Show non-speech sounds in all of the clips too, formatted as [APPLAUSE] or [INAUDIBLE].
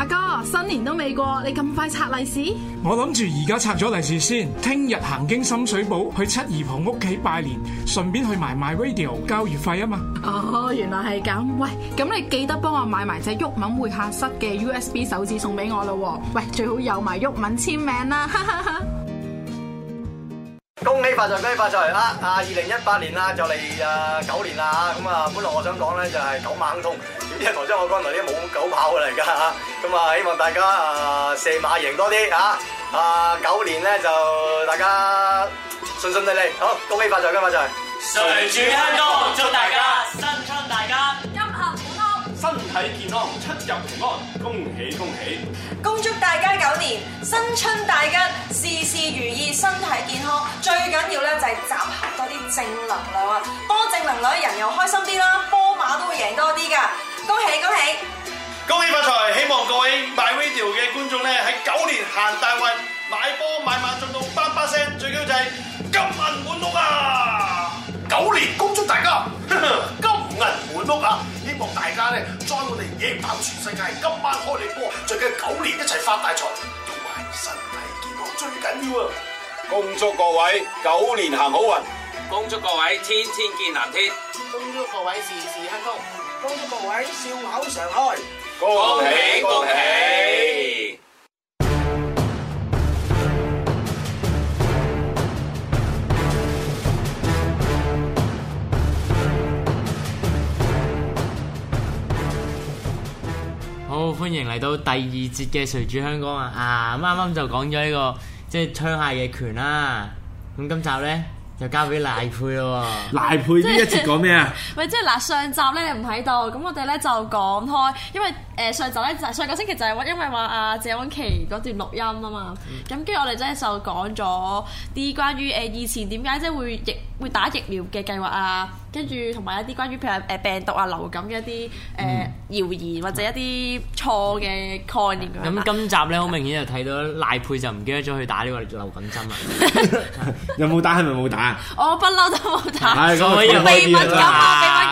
阿哥，新年都未過，你咁快拆利是？我諗住而家拆咗利是先，聽日行經深水埗去七姨婆屋企拜年，順便去埋 MyRadio 交月費啊嘛。哦，原來係咁。喂，咁你記得幫我買埋隻郁文會客室嘅 USB 手指送俾我咯。喂，最好有埋郁文簽名啦。恭喜發財，恭喜發財啦！啊，二零一八年啊，就嚟誒九年啦啊，咁啊本來我想講咧就係九萬亨通。呢一台真我乾台啲冇狗跑嚟噶。咁啊希望大家啊、呃、射馬贏多啲嚇！啊九年咧就大家順順利利，好恭喜發財，發財！誰主香江，祝主大家，大家新春大吉，音頻健康，身體健康，出入平安，恭喜恭喜！恭祝大家九年新春大吉，事事如意，身體健康，最緊要咧就係集合多啲正能量啊！多正能量，人又開心啲啦，波馬都會贏多啲噶～恭喜恭喜！恭喜發財！希望各位買 video 嘅觀眾咧喺九年行大運，買波買馬進到啪啪聲，最緊要就係金銀滿屋啊！九年恭祝大家金銀滿屋啊！希望大家咧在我哋嘢，爆全世界，今晚開你波，最緊係九年一齊發大財，同埋身體健康最緊要啊！恭祝各位九年行好運，恭祝各位天天見藍天，恭祝各位事事幸福。恭喜各位笑口常開！恭喜恭喜！好歡迎嚟到第二節嘅誰主香江啊！咁啱啱就講咗呢個即係槍械嘅權啦，咁今集咧。就交俾賴佩咯喎，賴佩呢一節講咩啊？喂，即係嗱，上集咧你唔喺度，咁我哋咧就講開，因為。誒上集咧就上個星期就係話，因為話阿謝安琪嗰段錄音啊嘛，咁跟住我哋真係就講咗啲關於誒以前點解即係會疫會打疫苗嘅計劃啊，跟住同埋一啲關於譬如誒病毒啊、流感嘅一啲誒、呃嗯、謠言或者一啲錯嘅概念。咁、嗯、但今集咧好明顯就睇到賴珮就唔記得咗去打呢個流感針喇！麼有冇打，係咪冇打啊？我不嬲都冇打，所以俾我俾我俾我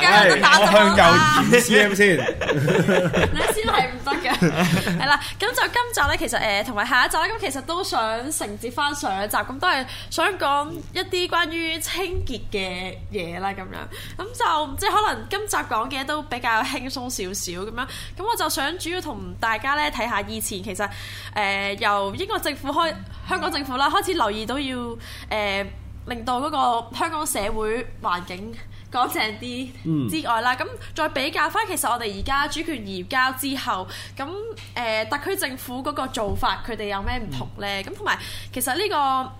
教得打就冇我向舊年先。真係唔得嘅，係 [LAUGHS] [LAUGHS] 啦。咁就今集呢，其實誒同埋下一集咧，咁其實都想承接返上一集，咁都係想講一啲關於清潔嘅嘢啦，咁樣。咁就即係可能今集講嘅都比較輕鬆少少咁樣。咁我就想主要同大家呢睇下以前其實誒、呃、由英國政府開香港政府啦，開始留意到要誒、呃、令到嗰個香港社會環境。講正啲之外啦，咁、嗯、再比較翻，其實我哋而家主權移交之後，咁誒、呃、特區政府嗰個做法，佢哋有咩唔同呢？咁同埋其實呢、這個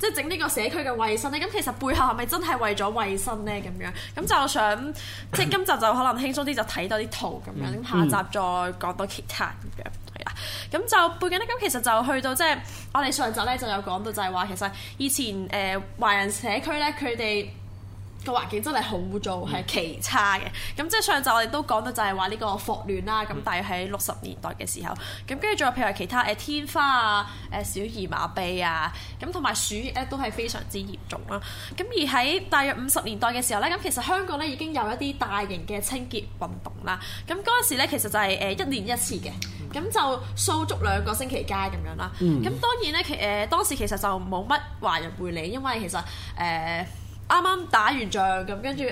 即係、就是、整呢個社區嘅衞生呢，咁其實背後係咪真係為咗衞生呢？咁樣咁就想、嗯、即係今集就可能輕鬆啲，就睇多啲圖咁樣，下集再講多其他咁樣係啦。咁、嗯、就背景呢，咁其實就去到即、就、係、是、我哋上集呢就有講到就，就係話其實以前誒、呃、華人社區呢，佢哋。個環境真係好污糟，係奇、嗯、差嘅。咁即係上集我哋都講到，就係話呢個霍亂啦。咁大約喺六十年代嘅時候，咁跟住仲有譬如話其他誒、呃、天花啊、誒、呃、小兒麻痹啊，咁同埋鼠疫咧都係非常之嚴重啦。咁而喺大約五十年代嘅時候咧，咁其實香港咧已經有一啲大型嘅清潔運動啦。咁嗰陣時咧其實就係、是、誒、呃、一年一次嘅，咁、嗯、就掃足兩個星期街咁樣啦。咁當然咧其誒當時其實就冇乜華人會理，因為其實誒。呃啱啱打完仗咁，跟住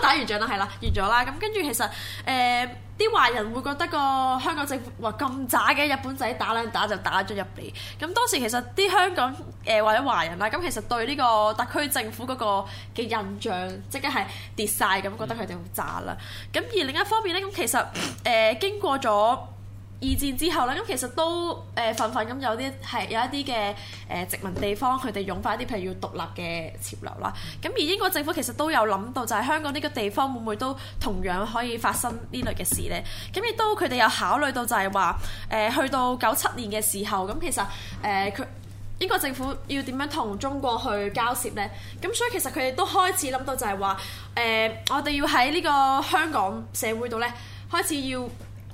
打完仗啦，係啦， [LAUGHS] 完咗啦。咁跟住其實誒啲華人會覺得個香港政府話咁渣嘅日本仔打兩打就打咗入嚟。咁當時其實啲香港誒、呃、或者華人啦，咁其實對呢個特區政府嗰個嘅印象即刻係跌晒，咁，覺得佢哋好渣啦。咁、嗯、而另一方面呢，咁其實誒、呃、經過咗。二戰之後咧，咁其實都誒紛紛咁有啲係有一啲嘅誒殖民地方，佢哋擁翻一啲譬如要獨立嘅潮流啦。咁而英國政府其實都有諗到，就係香港呢個地方會唔會都同樣可以發生呢類嘅事呢？咁亦都佢哋有考慮到就，就係話誒去到九七年嘅時候，咁其實誒佢、呃、英國政府要點樣同中國去交涉呢？咁所以其實佢哋都開始諗到就，就係話誒我哋要喺呢個香港社會度呢，開始要。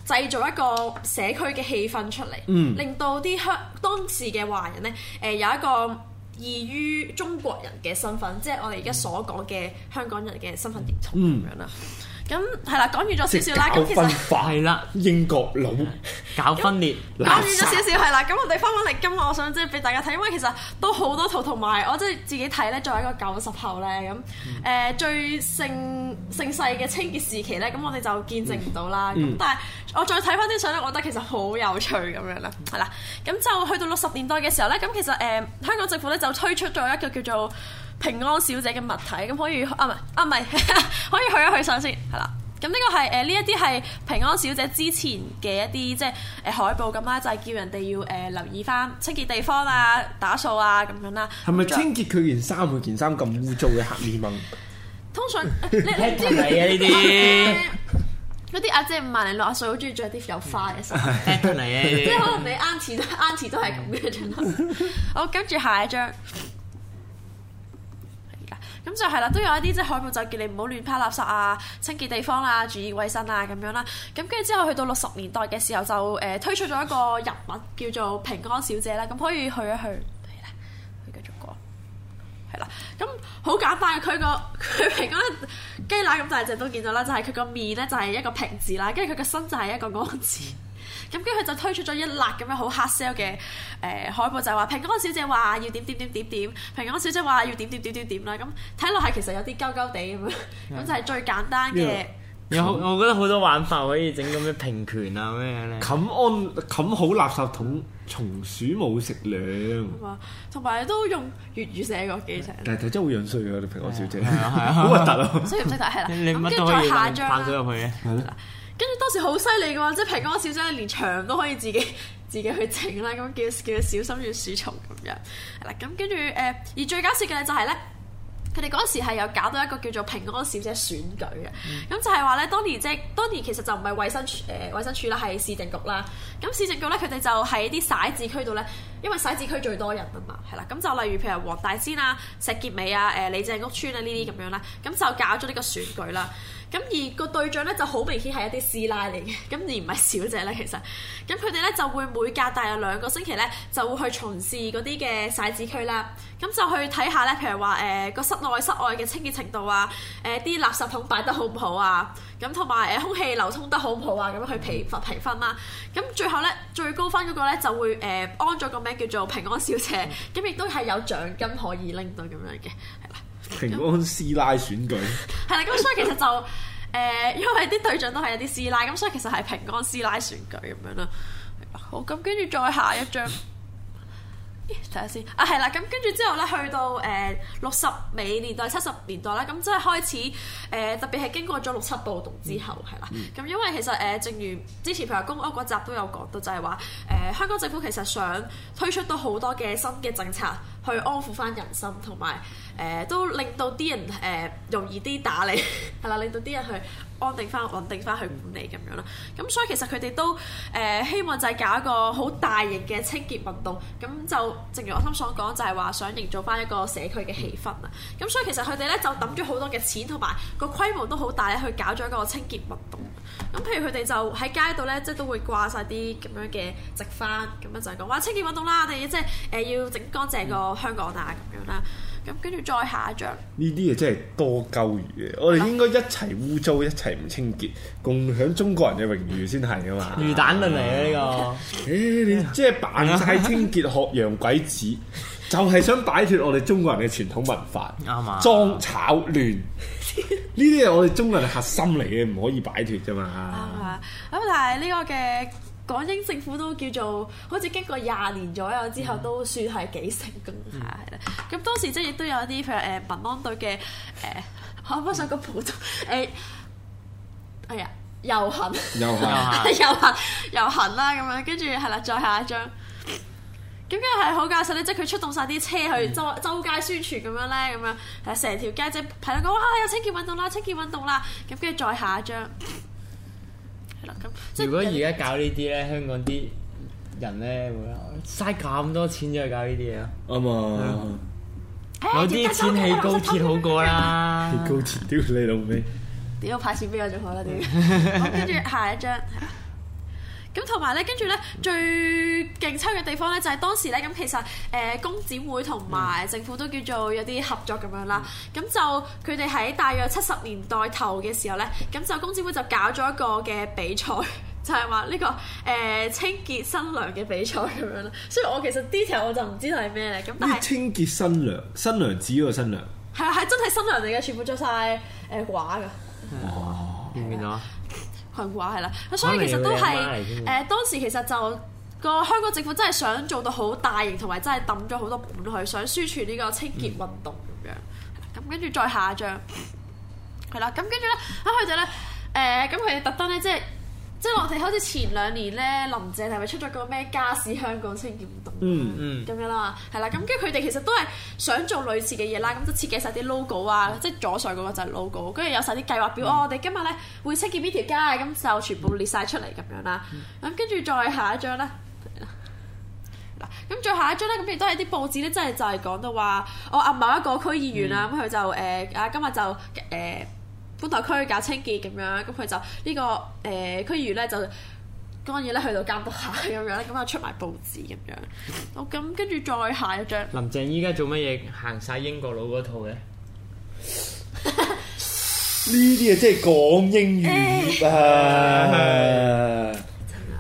製造一個社區嘅氣氛出嚟，嗯、令到啲香當時嘅華人呢，誒、呃、有一個異於中國人嘅身份，即係我哋而家所講嘅香港人嘅身份認同咁樣啦。嗯咁係啦，講完咗少少啦，咁其實快係啦， [LAUGHS] 英國佬搞分裂。講 [LAUGHS] 完咗少少係啦，咁 [LAUGHS] 我哋翻返嚟今日，我想即係俾大家睇，因為其實都好多圖，同埋我即係自己睇咧，作為一個九十後咧咁，誒、呃、最盛盛世嘅清潔時期咧，咁我哋就見證唔到啦。咁、嗯、但係我再睇翻啲相咧，我覺得其實好有趣咁樣啦。係啦，咁就去到六十年代嘅時候咧，咁其實誒、呃、香港政府咧就推出咗一個叫做。平安小姐嘅物體，咁可以啊，唔係啊，唔係可以去一去手先，係啦。咁呢個係誒，呢一啲係平安小姐之前嘅一啲即係誒海報咁啦，就係叫人哋要誒留意翻清潔地方啊、打掃啊咁樣啦。係咪清潔佢件衫，佢件衫咁污糟嘅行姿蚊，通常，啊、你你啲一啲阿姐五萬零六阿歲、so、sam 好鍾意着啲有花嘅衫，嚟啊！即係可能你啱前啱前都係咁嘅張啦。好，跟住下一張。咁就係啦，都、 [MUSIC] 嗯、有一啲即係海報就叫你唔好亂拋垃圾啊、清潔地方啊、注意衞生啊咁樣啦。咁跟住之後去到六十年代嘅時候就誒、呃、推出咗一個人物叫做平安小姐啦。咁可以去一去，係啦，去繼續講。係啦，咁好簡單，佢、個佢平安雞乸咁大隻都見到啦，就係佢個面咧就係一個平字啦，跟住佢個身就係一個安字。 [LAUGHS] 咁跟住佢就推出咗一辣咁樣好 hard sell 嘅誒海報，就係話平安小姐話要點點點點點，平安小姐話要點點點點點啦。咁睇落係其實有啲鳩鳩地咁樣，咁就係最簡單嘅。然後我覺得好多玩法可以整，咁嘅平權啊咩咧，冚安冚好垃圾桶，松鼠冇食糧。同埋都用粵語寫個機場。但係真係好樣衰㗎，你平安小姐，好核突咯。所以唔使睇係啦。咁跟住再下張啦。跟住當時好犀利嘅喎，即係平安小姐連牆都可以自己自己去整啦，咁叫叫小心如鼠蟲咁樣。係啦，咁跟住誒，而最搞笑嘅咧就係、是、咧，佢哋嗰時係有搞到一個叫做平安小姐選舉嘅，咁、嗯、就係話咧，當年即係當年其實就唔係衞生處誒、呃、生處啦，係市政局啦。咁市政局咧，佢哋就喺啲徙置區度咧，因為徙置區最多人啊嘛，係啦。咁就例如譬如黃大仙啊、石硤尾啊、誒、呃、李鄭屋村啊呢啲咁樣啦，咁就搞咗呢個選舉啦。嗯咁而個對象咧就好明顯係一啲師奶嚟嘅，咁而唔係小姐咧其實。咁佢哋咧就會每隔大約兩個星期咧就會去從事嗰啲嘅徙置區啦，咁就去睇下咧，譬如話誒個室內室外嘅清潔程度啊，誒、呃、啲垃圾桶擺得好唔好啊，咁同埋誒空氣流通得好唔好啊，咁樣去評分評分啦。咁最後咧最高分嗰個咧就會誒安咗個名叫做平安小姐，咁亦都係有獎金可以拎到咁樣嘅。係啦。平安師奶選舉，係啦， [LAUGHS] 咁所以其實就誒、呃，因為啲對象都係一啲師奶，咁所以其實係平安師奶選舉咁樣啦。好，咁跟住再下一張。睇下先啊，係啦，咁跟住之後咧，去到誒六十尾年代、七十年代啦，咁即係開始誒、呃，特別係經過咗六七暴動之後，係啦、嗯，咁因為其實誒、呃，正如之前譬如公屋嗰集都有講到就，就係話誒，香港政府其實想推出到好多嘅新嘅政策去安撫翻人心，同埋誒都令到啲人誒、呃、容易啲打理，係 [LAUGHS] 啦，令到啲人去。安定翻、穩定翻去管理咁樣啦，咁所以其實佢哋都誒、呃、希望就係搞一個好大型嘅清潔運動，咁就正如我啱所講，就係話想營造翻一個社區嘅氣氛啊，咁所以其實佢哋咧就抌咗好多嘅錢同埋個規模都好大咧，去搞咗一個清潔運動。咁譬如佢哋就喺街度咧，即、就、係、是、都會掛晒啲咁樣嘅直幡，咁樣就係講哇清潔運動啦，我哋即係誒要整乾淨個香港啦咁樣啦。咁跟住再下一張，呢啲嘢真係多鳩餘嘅，我哋應該一齊污糟，一齊唔清潔，共享中國人嘅榮譽先係噶嘛？魚蛋嚟嘅呢個，誒、 [LAUGHS] 欸、你即係扮晒清潔，學洋鬼子， [LAUGHS] 就係想擺脫我哋中國人嘅傳統文化啊嘛，髒、吵、亂，呢啲係我哋中國人核心嚟嘅，唔可以擺脫啫嘛。啱啊， [LAUGHS] [LAUGHS] [LAUGHS] 咁但係呢個嘅。港英政府都叫做好似經過廿年左右之後，嗯、都算係幾成功下啦。咁、嗯嗯、當時即係亦都有一啲譬如誒民安隊嘅誒，可唔可上個普通誒、欸？哎呀，遊行，遊行，遊行，遊行啦咁樣。跟住係啦，再下一張。咁跟住係好搞笑咧，即係佢出動晒啲車去周周街宣傳咁樣咧，咁樣誒成條街即係派咗個哇有清潔運動啦，清潔運動啦。咁跟住再下一張。如果而家搞呢啲咧，以香港啲人咧會嘥咁多錢走去搞呢啲嘢啊！啊嘛、嗯，啲錢、欸、起高鐵好過啦， [LAUGHS] 起高鐵屌你老味，點我派錢俾我仲好啦，點？跟住下一張。 [LAUGHS] 咁同埋咧，跟住咧最勁抽嘅地方咧，就係當時咧咁其實誒工展會同埋政府都叫做有啲合作咁樣啦。咁、嗯、就佢哋喺大約七十年代頭嘅時候咧，咁就工展會就搞咗一個嘅比賽，就係話呢個誒、呃、清潔新娘嘅比賽咁樣啦。所以我其實 detail 我就唔知道係咩咧咁。但係清潔新娘，新娘子嗰個新娘係啊，係真係新娘嚟嘅，全部做曬誒畫㗎。哇，見唔見到？群話係啦，所以其實都係誒、啊呃、當時其實就個香港政府真係想做到好大型，同埋真係抌咗好多本去想宣傳呢個清潔運動咁樣。咁跟住再下一張係啦，咁跟住咧咁佢哋咧誒、咁佢哋特登咧即係。即係我哋好似前兩年咧，林鄭係咪出咗個咩家事香港清潔活動咁樣啦？係啦，咁跟住佢哋其實都係想做類似嘅嘢啦，咁都設計晒啲 logo 啊，即係左上嗰個就係 logo，跟住有晒啲計劃表，嗯、哦，我哋今日咧會清潔呢條街，咁就全部列晒出嚟咁樣啦。咁跟住再下一張咧，嗱，咁再下一張咧，咁亦都係啲報紙咧，真係就係、是、講到話，我啊某一個區議員啊，咁佢、嗯、就誒啊、呃，今日就誒。呃呃呃本頭區搞清潔咁樣，咁佢就、這個呃、呢個誒區議咧就幹嘢咧去到監督下咁樣咧，咁又出埋報紙咁樣，咁、 [LAUGHS] 哦、跟住再下一張。林鄭依家做乜嘢？行晒英國佬嗰套嘅，呢啲嘢真係講英語、欸、啊！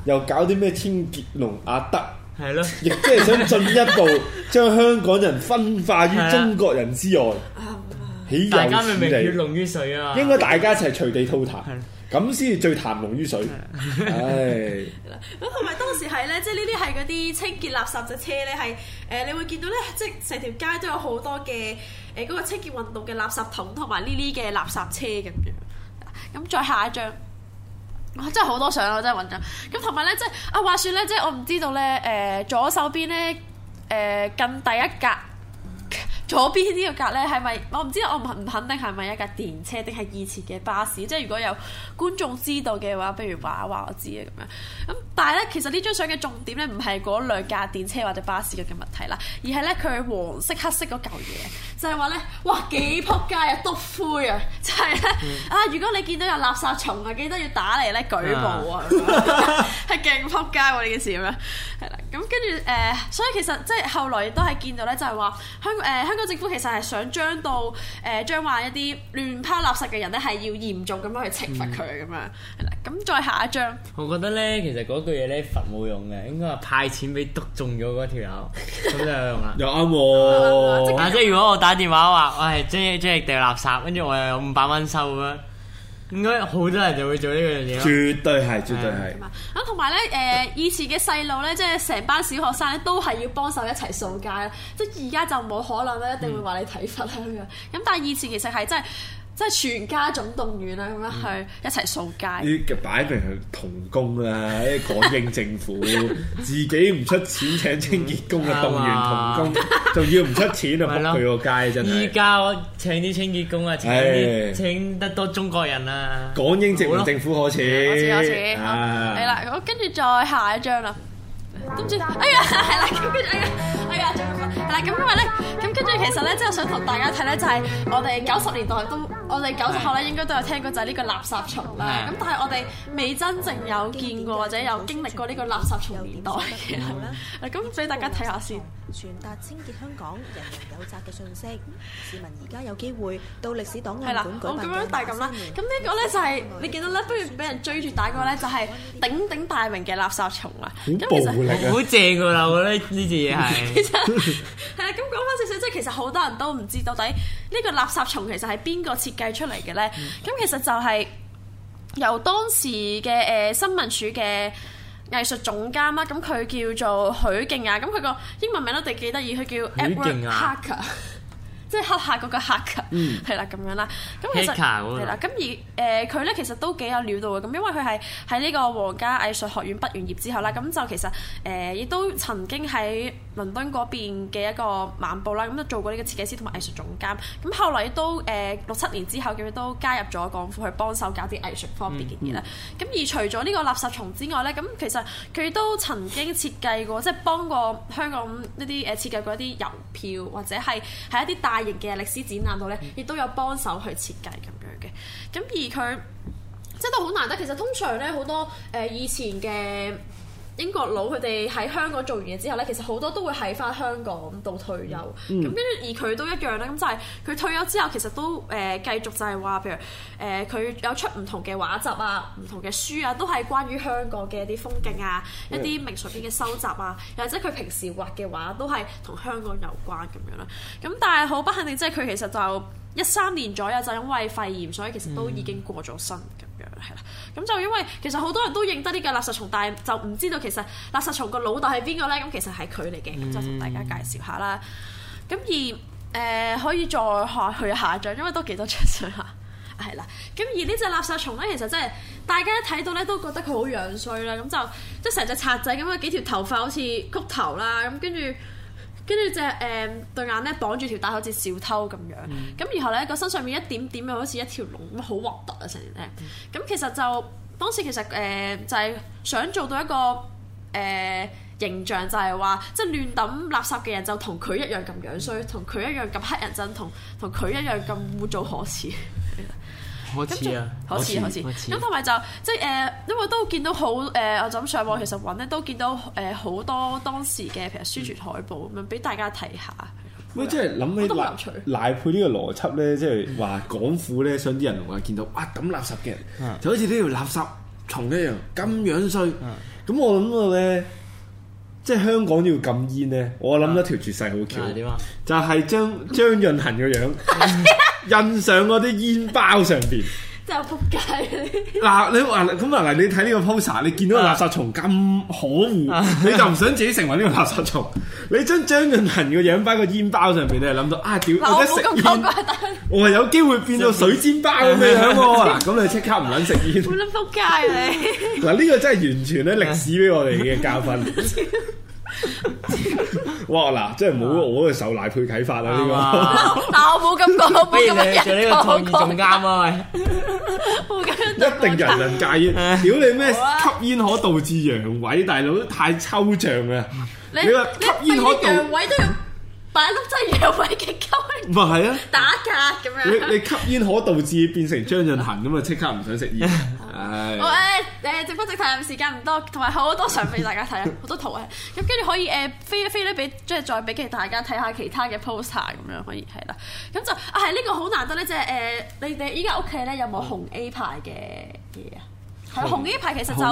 又搞啲咩清潔龍阿德？係咯是的，亦即係想進一步將香港人分化於中國人之外。的是的 [LAUGHS] 大家明明血濃於水啊！應該大家一齊隨地吐痰，咁先至最痰濃於水。咁同埋當時係咧，即係呢啲係嗰啲清潔垃圾嘅車咧，係誒、呃、你會見到咧，即係成條街都有好多嘅誒嗰個清潔運動嘅垃圾桶同埋呢啲嘅垃圾車咁樣。咁再下一張，哇、啊！真係好多相我真係揾緊。咁同埋咧，即係啊話説咧，即係我唔知道咧誒、呃，左手邊咧誒、呃、近第一格。左邊呢個格咧係咪？我唔知，我唔唔肯定係咪一架電車定係以前嘅巴士？即係如果有觀眾知道嘅話，不如話一話我知啊咁樣。咁但係咧，其實呢張相嘅重點咧，唔係嗰兩架電車或者巴士嘅問題啦，而係咧佢黃色黑色嗰嚿嘢，就係話咧，哇，幾撲街啊篤 [LAUGHS] 灰啊！就係咧 [LAUGHS] 啊，如果你見到有垃圾蟲啊，記得要打嚟咧舉報啊，係勁撲街喎呢件事咁樣。係啦，咁跟住誒，所以其實即係後來都係見到咧，就係話香誒香港。呃香港政府其實係想將到誒、欸、將話一啲亂拋垃圾嘅人咧，係要嚴重咁樣去懲罰佢咁樣。係啦、嗯，咁 [MUSIC] 再下一章。我覺得咧，其實嗰句嘢咧，罰冇用嘅，應該話派錢俾篤中咗嗰條友咁就有用啦。有啊喎、哦， [LAUGHS] 即、就、係、是、如果我打電話話，我係將將嚟掉垃圾，跟住我又有五百蚊收咁樣。應該好多人就會做呢樣嘢，絕對係、嗯，絕對係。咁同埋咧，誒以前嘅細路咧，即係成班小學生咧，都係要幫手一齊掃街啦。即係而家就冇可能啦，一定會話你體罰啦咁樣。咁、嗯、但係以前其實係真係。即係全家總動員啦，咁樣去一齊掃街。啲擺明係童工啦，啲港英政府自己唔出錢請清潔工嘅，動員童工，仲要唔出錢，就仆佢個街真係。依家請啲清潔工啊請啲請得多中國人啦。港英政府政府可恥。係啦，我跟住再下一張啦。跟住，哎呀，係啦，跟住，哎呀。係啊，係啦，咁因為咧，咁跟住其實咧，即係想同大家睇咧，就係我哋九十年代都，我哋九十後咧應該都有聽過就係呢個垃圾蟲啦。咁但係我哋未真正有見過或者有經歷過呢個垃圾蟲年代嘅。咁所以大家睇下先。傳達清潔香港人人有責嘅訊息，市民而家有機會到歷史檔案館舉辦嘅展覽。係啦，咁樣就係咁啦。咁呢個咧就係你見到咧，不如俾人追住打過咧，就係鼎鼎大名嘅垃圾蟲啦。咁其實好正㗎啦，我覺得呢啲嘢係。係啦，咁講返少少，即係其實好多人都唔知到底呢個垃圾蟲其實係邊個設計出嚟嘅咧？咁、嗯、其實就係由當時嘅誒新聞署嘅藝術總監啦，咁佢叫做許勁亞，咁佢個英文名都幾得意，佢叫 Edward Hacker， [LAUGHS] 即係黑客嗰個黑客，嗯，嗯，係啦咁樣啦。咁其實係啦，咁 Hacker 而誒佢咧其實都幾有料到嘅，咁因為佢係喺呢個皇家藝術學院畢完業之後啦，咁就其實誒亦都曾經喺。倫敦嗰邊嘅一個漫步啦，咁都做過呢個設計師同埋藝術總監，咁後來都誒六七年之後，佢都加入咗港府去幫手搞啲藝術方面嘅嘢啦。咁、嗯嗯、而除咗呢個垃圾蟲之外呢，咁其實佢都曾經設計過，即係幫過香港呢啲誒設計過一啲郵票，或者係喺一啲大型嘅歷史展覽度呢，亦、嗯、都有幫手去設計咁樣嘅。咁而佢即係都好難得。其實通常呢，好多誒以前嘅。英國佬佢哋喺香港做完嘢之後呢，其實好多都會喺翻香港度退休。咁跟住而佢都一樣啦。咁就係、是、佢退休之後，其實都誒、呃、繼續就係話，譬如誒佢、呃、有出唔同嘅畫集啊、唔同嘅書啊，都係關於香港嘅一啲風景啊、嗯、一啲明信片嘅收集啊。又或者佢平時畫嘅畫都係同香港有關咁樣啦。咁但係好不肯定，即係佢其實就。一三年左右就因為肺炎，所以其實都已經過咗身咁樣，係啦。咁就因為其實好多人都認得呢個垃圾蟲，但係就唔知道其實垃圾蟲個老大係邊個呢。咁其實係佢嚟嘅，咁、嗯、就同大家介紹下啦。咁而誒、呃、可以再下去下張，因為都幾多 [LAUGHS] 隻蟲嚇，係啦。咁而呢隻垃圾蟲呢，其實真、就、係、是、大家一睇到呢，都覺得佢好樣衰啦。咁就即係成隻賊仔咁嘅幾條頭髮，好似曲頭啦，咁跟住。跟住隻誒對眼咧，綁住條帶好似小偷咁樣，咁、嗯、然後咧個身上面一點點又好似一條龍咁，好核突啊，成日咧。咁、嗯、其實就當時其實誒、呃、就係、是、想做到一個誒、呃、形象就，就係話即係亂抌垃圾嘅人就同佢一樣咁樣衰，同佢、嗯、一樣咁乞人憎，同同佢一樣咁污糟可恥。 [LAUGHS] 好似啊，好似好似，咁同埋就即係誒，因為都見到好誒，我就咁上網其實揾咧都見到誒好多當時嘅譬如宣傳海報，咁俾大家睇下。喂、嗯嗯，即係諗起都賴賴，賴配呢個邏輯咧，即係話港府咧想啲人同話見到啊咁垃圾嘅人，嗯、就好似呢條垃圾蟲一樣咁樣衰。咁、嗯嗯、我諗到咧。嗯即係香港要禁煙呢，我諗一條絕世好橋，啊啊、就係將張潤恒個樣 [LAUGHS] [LAUGHS] 印上嗰啲煙包上面。真係仆街嗱，你話咁嚟嚟，你睇呢個 poster，你見到個垃圾蟲咁可惡， [LAUGHS] 你就唔想自己成為呢個垃圾蟲。你將張潤文個樣擺個煙包上面，你咧，諗到啊，屌，我得食煙，我有機會變到水煎包咁嘅樣喎。嗱，咁你即刻唔撚食煙。冇得仆街你！嗱、 [LAUGHS] [LAUGHS] 啊，呢、這個真係完全咧歷史俾我哋嘅教訓。 [LAUGHS] [LAUGHS] 哇！嗱，真係冇我受賴珮啟發啦、啊、呢、啊、個，但我冇咁講，冇咁人講。我講、啊， [LAUGHS] 一定人人戒煙。屌、啊、你咩？吸煙可導致陽痿，大佬太抽象啊！你話吸煙可導致陽痿都有。擺一粒真係藥丸嘅膠，唔係啊，打架咁樣。你吸煙可導致變成張潤恒咁啊，即刻唔想食煙。唉、 [LAUGHS] 哎，誒、哎、誒，直播直播時間唔多，同埋好多相俾大家睇啊，好 [LAUGHS] 多圖啊。咁跟住可以誒、呃、飛一飛咧，俾即係再俾其大家睇下其他嘅 poster 咁樣，可以係啦。咁就啊，係、這、呢個好難得咧，即係誒、呃，你哋依家屋企咧有冇紅 A 牌嘅嘢啊？係紅 A 牌西其實就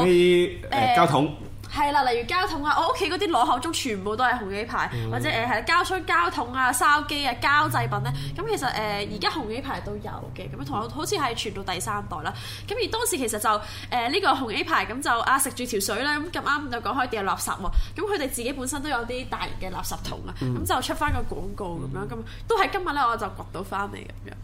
誒膠、呃、桶係啦，例如膠桶啊，我屋企嗰啲攞口中全部都係紅 A 牌，嗯、或者誒係膠箱、膠桶啊、筲箕啊、膠製品咧。咁、嗯、其實誒而家紅 A 牌都有嘅，咁樣同好似係傳到第三代啦。咁、嗯、而當時其實就誒呢、呃這個紅 A 牌咁就啊食住條水咧，咁咁啱又講開掉垃圾喎。咁佢哋自己本身都有啲大型嘅垃圾桶啊，咁、嗯、就出翻個廣告咁樣，樣今日都係今日咧，我就掘到翻嚟咁樣。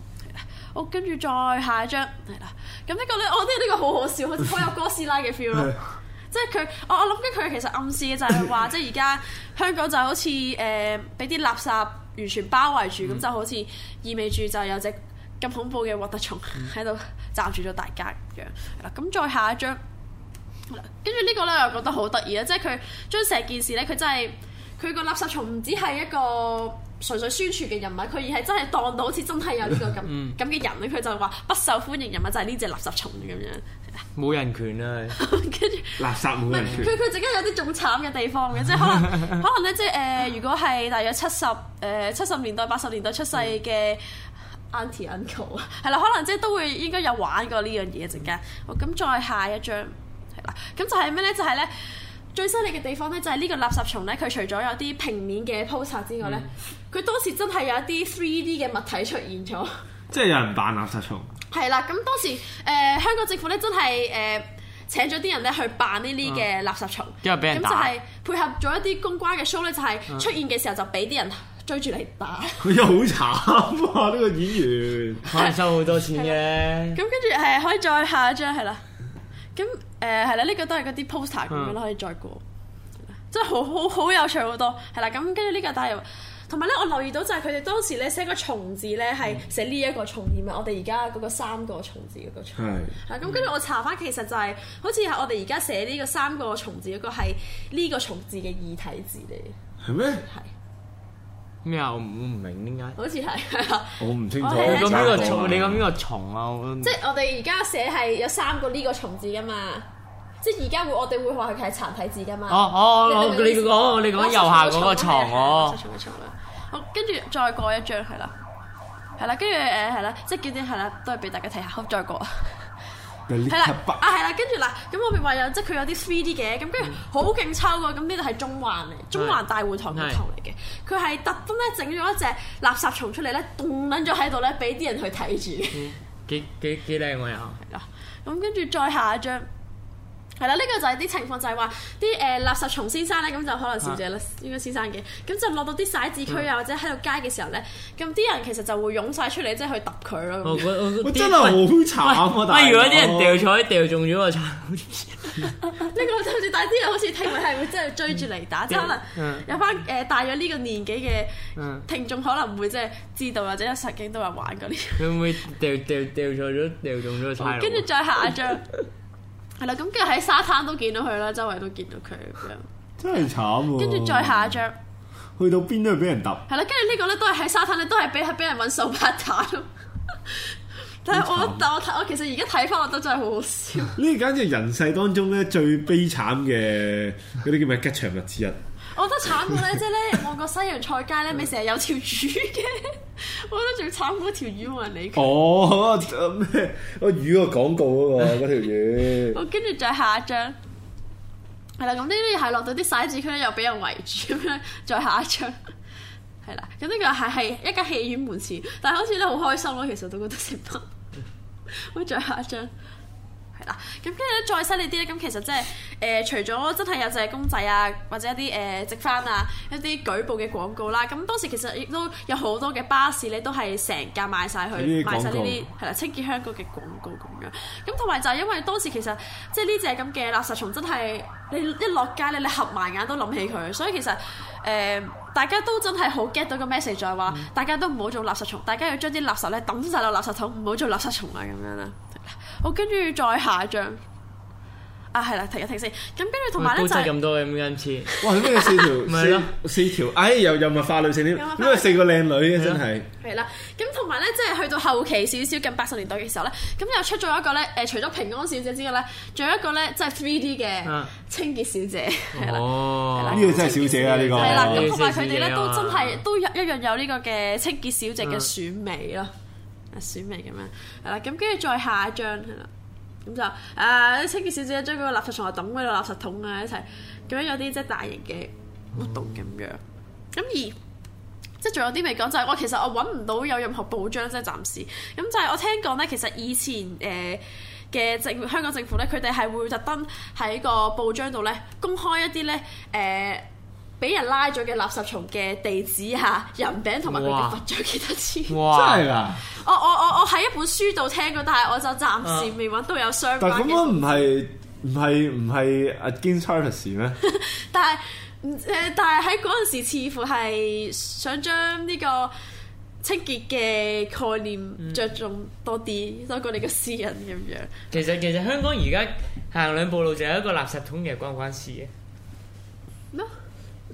跟住、哦、再下一張係啦，咁呢、呢個咧，我覺得呢個好、呢個、好笑， [LAUGHS] 好似好有哥斯拉嘅 feel 咯。 [LAUGHS] 即係佢，我我諗緊佢其實暗示嘅就係話，即係而家香港就好似誒俾啲垃圾完全包圍住，咁、嗯、就好似意味住就有隻咁恐怖嘅核突蟲喺度攬住咗大家咁樣。嗱，咁再下一張，跟住呢個咧，我覺得好得意啦。即係佢將成件事咧，佢真係佢個垃圾蟲唔止係一個。純粹宣傳嘅人物，佢而係真係當到好似真係有呢個咁咁嘅人咧，佢、嗯、就話不受歡迎人物就係呢隻垃圾蟲咁樣，冇 [LAUGHS] 人權啊！跟住 [LAUGHS] [LAUGHS] 垃圾冇人權。佢佢陣間有啲仲慘嘅地方嘅，即係可能可能咧，即係誒、呃，如果係大約七十誒七十年代八十年代出世嘅 auntie uncle，係啦，可能即係都會應該有玩過呢樣嘢陣間。咁再下一張係啦，咁 [LAUGHS] [LAUGHS] [LAUGHS] 就係咩咧？就係、是、咧，最犀利嘅地方咧，就係呢個垃圾蟲咧，佢除咗有啲平面嘅 poster 之外咧。佢當時真係有一啲 three D 嘅物體出現咗，即係有人扮垃圾蟲。係啦，咁當時誒、呃、香港政府咧真係誒、呃、請咗啲人咧去扮呢啲嘅垃圾蟲，咁、嗯嗯、因為俾人打、就係、是、配合咗一啲公關嘅 show 咧，就係出現嘅時候就俾啲人追住嚟打。佢真係好慘啊！呢、嗯、個演員可以收好多錢嘅。咁跟住誒、欸、可以再下一張係啦，咁誒係啦，呢、呃這個都係嗰啲 poster 咁樣是可以再過，真係好好好有趣好多係啦。咁跟住呢個但係。同埋咧，我留意到就係佢哋當時咧寫個蟲字咧，係寫呢一個蟲字嘛。我哋而家嗰個三個蟲字嘅個蟲。咁跟住我查翻，其實就係好似係我哋而家寫呢個三個蟲字嗰個係呢個蟲字嘅異體字嚟。係咩？係。咩啊？我唔明點解。好似係我唔清楚。你講呢個蟲？你講呢個蟲啊？即係我哋而家寫係有三個呢個蟲字噶嘛？即係而家會我哋會話佢係殘體字噶嘛？哦哦，你講你講右下嗰個蟲哦。跟住再過一張，係啦，係啦，跟住誒，係啦，即係幾點？係啦，都係俾大家睇下，好再過，係 [LAUGHS] 啦， [LAUGHS] 啊，係啦，跟住嗱，咁我咪話有 D，即係佢有啲 three D 嘅，咁跟住好勁抽嘅，咁呢度係中環嚟，是中環大會堂嘅堂嚟嘅，佢係是是特登咧整咗一隻垃圾蟲出嚟咧，棟撚咗喺度咧，俾啲人去睇住，幾幾幾靚我又，係啦，啊，咁跟住再下一張。係啦，呢個就係啲情況，就係話啲誒垃圾蟲先生咧，咁就可能小姐啦，應該先生嘅，咁就落到啲骰子區啊，或者喺度街嘅時候咧，咁啲人其實就會湧晒出嚟，即係去揼佢咯。我我真係好慘啊！但係如果啲人掉彩掉中咗，呢個好似但啲人好似聽聞係會真係追住嚟打，即可能有翻誒大約呢個年紀嘅聽眾可能會即係知道，或者有實境都話玩嗰啲。佢會掉掉掉錯咗，掉中咗彩龍。跟住再下一張。係啦，咁跟住喺沙灘都見到佢啦，周圍都見到佢咁樣。真係慘喎、啊！跟住再下一張，去到邊都係俾人揼。係啦，跟住呢個咧都係喺沙灘咧，都係俾俾人搵數拍打。 [LAUGHS] 但係我但係慘 我，我，我其實而家睇翻，我覺得真係好好笑。呢個簡直人世當中咧最悲慘嘅嗰啲叫咩吉祥物之一。我覺得慘過咧，即係咧，我個西洋菜街咧，咪成日有條魚嘅，我覺得仲要慘過條魚，冇人理佢。哦，咩、啊？啊魚廣，那個魚個廣告啊嘛，嗰條 [LAUGHS] 魚。好，跟住再下一張。係啦，咁呢啲係落到啲骰子，佢咧又俾人圍住咁樣。再下一張。係啦，咁呢個係係一間戲院門前，但係好似咧好開心咯，其實都覺得成班。好，再下一張。係啦，咁跟住咧再犀利啲咧，咁其實即係誒，除咗真係有隻公仔啊，或者一啲誒直幡啊，一啲舉報嘅廣告啦，咁當時其實亦都有好多嘅巴士咧，都係成架賣晒去，賣晒呢啲係啦，清潔香港嘅廣告咁樣。咁同埋就係因為當時其實即係呢隻咁嘅垃圾蟲，真係你一落街咧，你合埋眼都諗起佢，所以其實誒、呃、大家都真係好 get 到個 message 就係話，大家都唔好做垃圾蟲，嗯、大家要將啲垃圾咧抌晒落垃圾桶，唔好做垃圾蟲啊咁樣啦。跟住再下一張啊，係啦，停一停先。咁跟住同埋咧就咁多嘅 M M C，哇！咩四條四條，哎又又咪化女成呢？呢個四個靚女嘅真係。係啦，咁同埋咧即係去到後期少少近八十年代嘅時候咧，咁又出咗一個咧，誒除咗平安小姐之外咧，仲有一個咧即係 three D 嘅清潔小姐。哦，呢個真係小姐啊呢個。係啦，咁同埋佢哋咧都真係都一樣有呢個嘅清潔小姐嘅選美咯。選美咁樣，係、嗯、啦，咁跟住再下一張係啦，咁、嗯、就誒、啊、清潔小姐將嗰個垃圾從來抌喺個垃圾桶，啊一齊，咁樣有啲即係大型嘅活動咁樣，咁、嗯嗯、而即係仲有啲未講就係、是、我其實我揾唔到有任何報章即係、就是、暫時，咁就係我聽講咧，其實以前誒嘅政香港政府咧，佢哋係會特登喺個報章度咧公開一啲咧誒。呃俾人拉咗嘅垃圾蟲嘅地址嚇人品同埋佢哋罰咗幾多錢？真係㗎！我我我我喺一本書度聽過，但係我就暫時未揾到有相關。咁樣唔係唔係唔係 against 咩？但係誒、啊 [LAUGHS] 呃，但係喺嗰陣時，似乎係想將呢個清潔嘅概念着重多啲，嗯、多過你個私人咁樣。其實其實香港而家行兩步路就有一個垃圾桶嘅關唔關事嘅？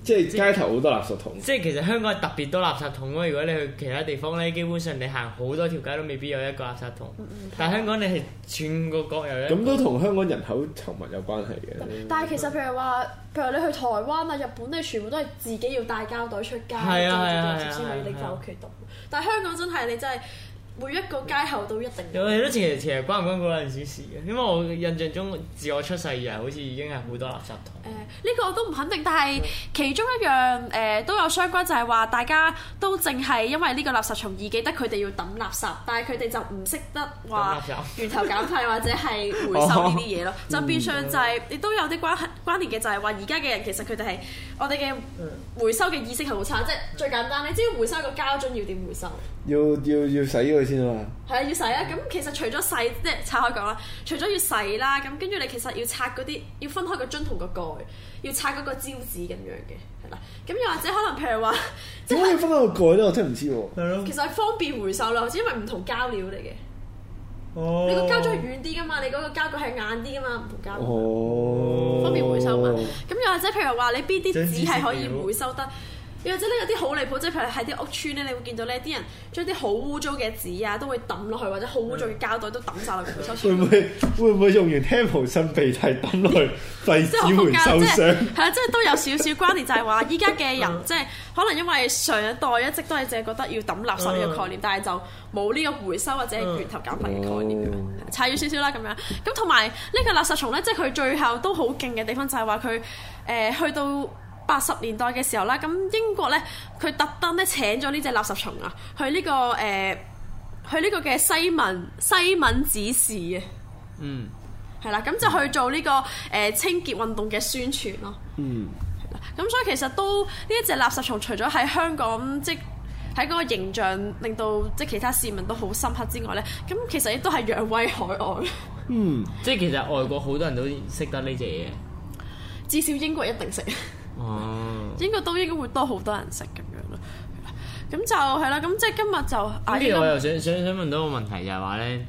即係街頭好多垃圾桶。即係其實香港係特別多垃圾桶咯。如果你去其他地方咧，基本上你行好多條街都未必有一個垃圾桶。嗯嗯、但係香港你係轉個角有一個。咁都同香港人口稠密有關係嘅。嗯、但係其實譬如話，譬如你去台灣啊、日本咧，全部都係自己要帶膠袋出街，先可以拎走佢度。但係香港真係你真係。每一個街口都一定有，有 [MUSIC] 都前期其實關唔關嗰陣時事嘅、啊，因為我印象中自我出世日好似已經係好多垃圾桶。誒呢、呃這個都唔肯定，但係其中一樣誒、呃、都有相關就係話大家都淨係因為呢個垃圾蟲而記得佢哋要抌垃圾，但係佢哋就唔識得話源頭減廢或者係回收呢啲嘢咯。 [LAUGHS] 哦嗯、就變相就係亦都有啲關關聯嘅，就係話而家嘅人其實佢哋係我哋嘅回收嘅意識係好差，即、就、係、是、最簡單，你知要回收個膠樽要點回收？要要要使係啊，要洗啊！咁其實除咗洗，即係拆開講啦，除咗要洗啦，咁跟住你其實要拆嗰啲，要分開個樽同個蓋，要拆嗰個招紙咁樣嘅，係啦。咁又或者可能，譬如話，點解要分開個蓋呢？我真係唔知。係咯。其實係方便回收啦，因為唔同膠料嚟嘅。哦。你個膠樽係軟啲噶嘛？你嗰個膠蓋係硬啲噶嘛？唔同膠料。哦。方便回收嘛？咁又、哦、或者，譬如話，你邊啲紙係可以回收得？又或者呢？有啲好離譜，即係譬如喺啲屋村咧，你會見到咧啲人將啲好污糟嘅紙啊，都會抌落去，或者好污糟嘅膠袋都抌晒落去收。收 [LAUGHS] 會唔會會唔會用完聽無擤鼻涕抌落去，肺子會受傷？係即係都有少少關聯，就係話依家嘅人，即係 [LAUGHS] 可能因為上一代一直都係凈係覺得要抌垃圾呢個概念， [LAUGHS] 但係就冇呢個回收或者係源頭減廢嘅概念嘅，差咗 [LAUGHS] 少少啦咁樣。咁同埋呢個垃圾蟲咧，即係佢最後都好勁嘅地方，就係話佢誒去到。八十年代嘅時候啦，咁英國咧，佢特登咧請咗呢隻垃圾蟲啊，去呢、呢個誒、呃，去呢個嘅西文西敏指示嘅，嗯，係啦，咁就去做呢、呢個誒、呃、清潔運動嘅宣傳咯，嗯，係啦，咁所以其實都呢一隻垃圾蟲，除咗喺香港即喺嗰個形象令到即係其他市民都好深刻之外咧，咁其實亦都係揚威海外，嗯，即係其實外國好多人都識得呢隻嘢，至少英國一定識。哦，應該都應該會多好多人食咁樣咯。咁就係啦，咁即係今日就。跟住、嗯、我又想想想問到個問題就係話咧，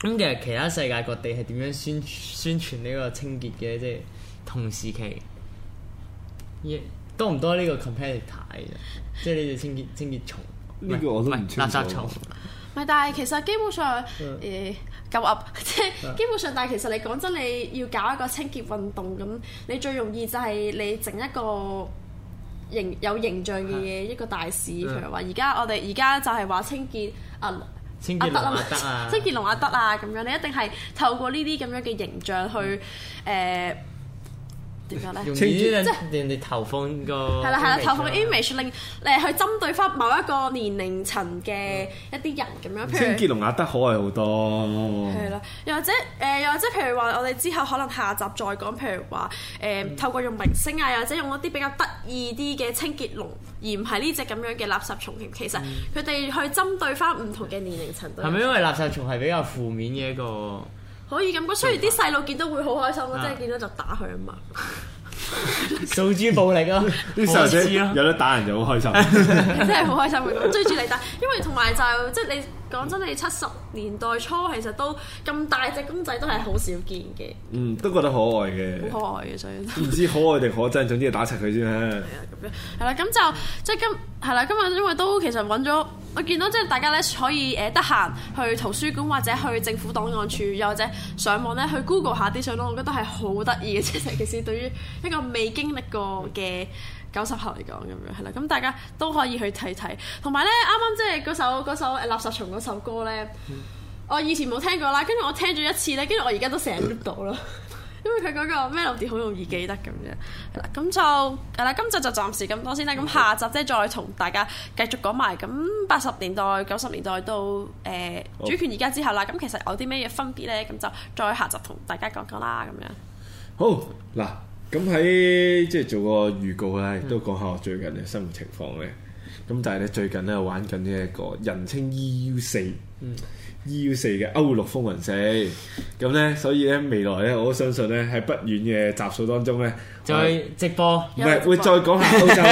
咁其實其他世界各地係點樣宣宣傳呢個清潔嘅？即係同時期，亦、yeah, 多唔多呢個 competitor，即係呢隻清潔 [LAUGHS] 清潔蟲。呢個我都唔清楚。垃圾蟲。 [LAUGHS] 唔係，但係其實基本上誒夠噏，即係基本上。嗯、但係其實你講真，你要搞一個清潔運動咁，你最容易就係你整一個形有形象嘅嘢，一個大使。譬如話而家我哋而家就係話清潔阿阿德啦，啊、清潔龍阿、啊、德啊咁、啊啊 [LAUGHS] 啊啊、樣，你一定係透過呢啲咁樣嘅形象去誒。嗯呃用解咧？即係你哋投放個係啦係啦，投放 image 令誒去針對翻某一個年齡層嘅一啲人咁樣。嗯、譬如清潔龍壓得可愛好多。係啦、嗯，又、嗯、或者誒，又、呃、或者譬如話，我哋之後可能下集再講，譬如話誒、呃，透過用明星啊，又或者用一啲比較得意啲嘅清潔龍，而唔係呢隻咁樣嘅垃圾蟲嚟。其實佢哋去針對翻唔同嘅年齡層。係咪、嗯、因為垃圾蟲係比較負面嘅一個？可以咁講，所以啲細路見到會好開心，我、嗯、即係見到就打佢啊嘛，數 [LAUGHS] 珠 [LAUGHS] 暴力咯、啊，啲細路仔咯，有得打人就好開心，真係好開心， [LAUGHS] [LAUGHS] 追住你打，因為同埋就即係你。講真，你七十年代初其實都咁大隻公仔都係好少見嘅。嗯，都覺得可愛嘅，好可愛嘅，所以唔、就是、知可愛定可憎，總之打殘佢先啊！係啊， [LAUGHS] 咁樣係啦，咁就即係今係啦，今日因為都其實揾咗，我見到即係大家咧可以誒得閒去圖書館或者去政府檔案處，又或者上網咧去 Google 下啲相咯，我覺得都係好得意嘅，即係其實對於一個未經歷過嘅九十後嚟講咁樣係啦，咁大家都可以去睇睇。同埋咧，啱啱即係嗰首嗰首誒垃圾蟲嗰首歌咧，我以前冇聽過啦，跟住我聽咗一次咧，跟住我而家都成日 recall 咯， [COUGHS] 因為佢嗰個 melody 好容易記得咁樣。係啦，咁就嗱今集就暫時咁多先啦。咁下集即係再同大家繼續講埋咁八十年代、九十年代到誒、呃、好主權而家之後啦。咁其實有啲咩嘢分別咧？咁就再下集同大家講講啦。咁樣好嗱。咁喺即係做個預告啦，亦都講下我最近嘅生活情況咧。咁但係咧最近咧玩緊呢一個人稱 EU 四，EU 四嘅歐陸風雲四。咁咧，所以咧未來咧，我都相信咧喺不遠嘅集數當中咧，再直播唔係會再講下歐洲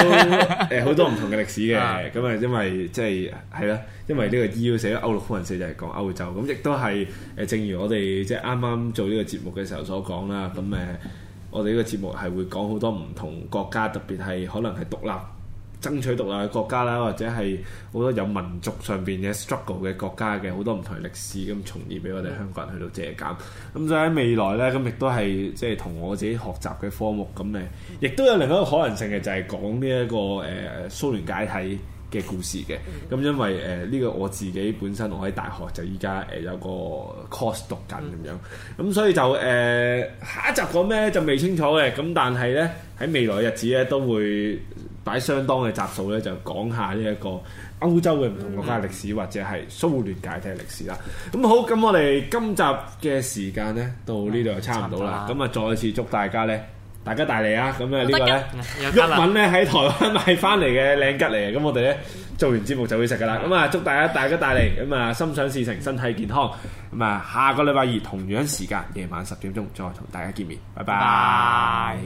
誒好多唔同嘅歷史嘅。咁啊，因為即係係啦，因為呢個 EU 四歐陸風雲四就係講歐洲咁，亦都係誒，正如我哋即係啱啱做呢個節目嘅時候所講啦，咁誒。我哋呢個節目係會講好多唔同國家，特別係可能係獨立、爭取獨立嘅國家啦，或者係好多有民族上邊嘅 struggle 嘅國家嘅好多唔同歷史，咁從而俾我哋香港人去到借鑑。咁所以喺未來呢，咁亦都係即係同我自己學習嘅科目咁誒，亦都有另一個可能性嘅、這個，就係講呢一個誒蘇聯解體。嘅故事嘅，咁、嗯、因為誒呢、呃這個我自己本身我喺大學就依家誒有個 course 讀緊咁、嗯嗯、樣，咁所以就誒、呃、下一集講咩就未清楚嘅，咁但係呢，喺未來日子呢都會擺相當嘅集數呢，就講下呢一個歐洲嘅唔同國家歷史、嗯、或者係蘇聯解體歷史啦。咁、嗯、好，咁我哋今集嘅時間呢，到呢度就差唔多啦，咁啊、嗯、再次祝大家呢。大家大利啊！咁啊呢個呢，郁敏 [LAUGHS] 了呢喺台灣買翻嚟嘅靚吉嚟嘅，咁我哋呢做完節目就會食噶啦。咁、嗯、啊祝大家大家大利，咁、嗯、啊心想事成，身體健康。咁、嗯、啊下個禮拜二同樣時間，夜晚十點鐘再同大家見面，拜拜。